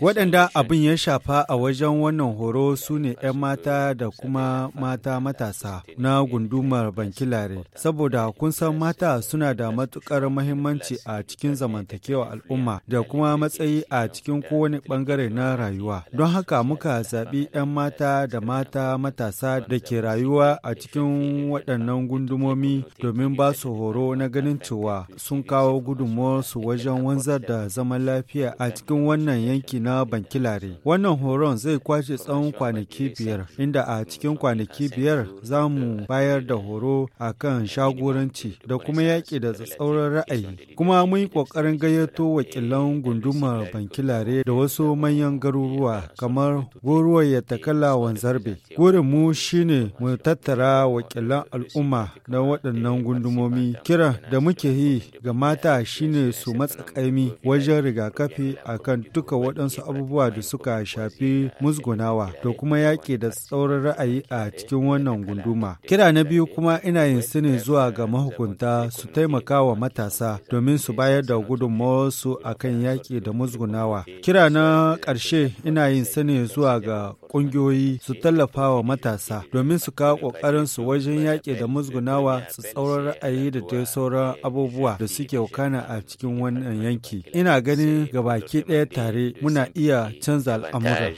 Waɗanda abin ya shafa a wajen wannan horo su ne 'yan mata da kuma mata matasa na gundumar Bankilare, saboda kun san mata suna da matuƙar mahimmanci a cikin zamantakewa al'umma da kuma matsayi a cikin kowane ɓangare na rayuwa. Don haka muka zaɓi 'yan mata da mata matasa da ke rayuwa a cikin waɗannan gundumomi domin ba su horo na ganin cewa sun kawo gudunmuwarsu wajen wanzar da zaman lafiya a cikin wannan yanki na Bankilare. Wannan horon zai kwashe tsawon kwanaki biyar, inda a cikin kwanaki biyar za mu bayar da horo a kan shagoranci da kuma yaƙi da tsatsauran ra'ayi. Kuma mun yi ƙoƙarin gayyato wakilan gundumar Bankilare da wasu manyan garuruwa kamar goruwar ya takala wanzarbe. Gurin mu shine mu tattara wakilan al'umma na waɗannan gundumomi. Kira da muke yi ga mata shine su matsakaita ƙaimi wajen rigakafi kan duka waɗansu abubuwa da suka shafi musgunawa da kuma yaƙi da tsauran ra'ayi a cikin wannan gunduma. Kira na biyu kuma ina yin sani zuwa ga mahukunta su taimaka wa matasa domin su bayar da gudunmawarsu a kan yaƙi da musgunawa. Kira na ƙarshe ina yin sani zuwa ga ƙungiyoyi su tallafa wa matasa domin su kawo ƙoƙarinsu wajen yaƙi da musgunawa su tsaurar ra'ayi da dai sauran abubuwa da suke wakana a cikin wannan yanki. Ina ganin gabaki ɗaya tare muna iya canza al'amuran.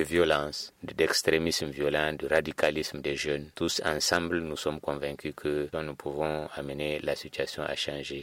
d'extrémisme violent, de radicalisme des jeunes. Tous ensemble, nous sommes convaincus que nous pouvons amener la situation à changer.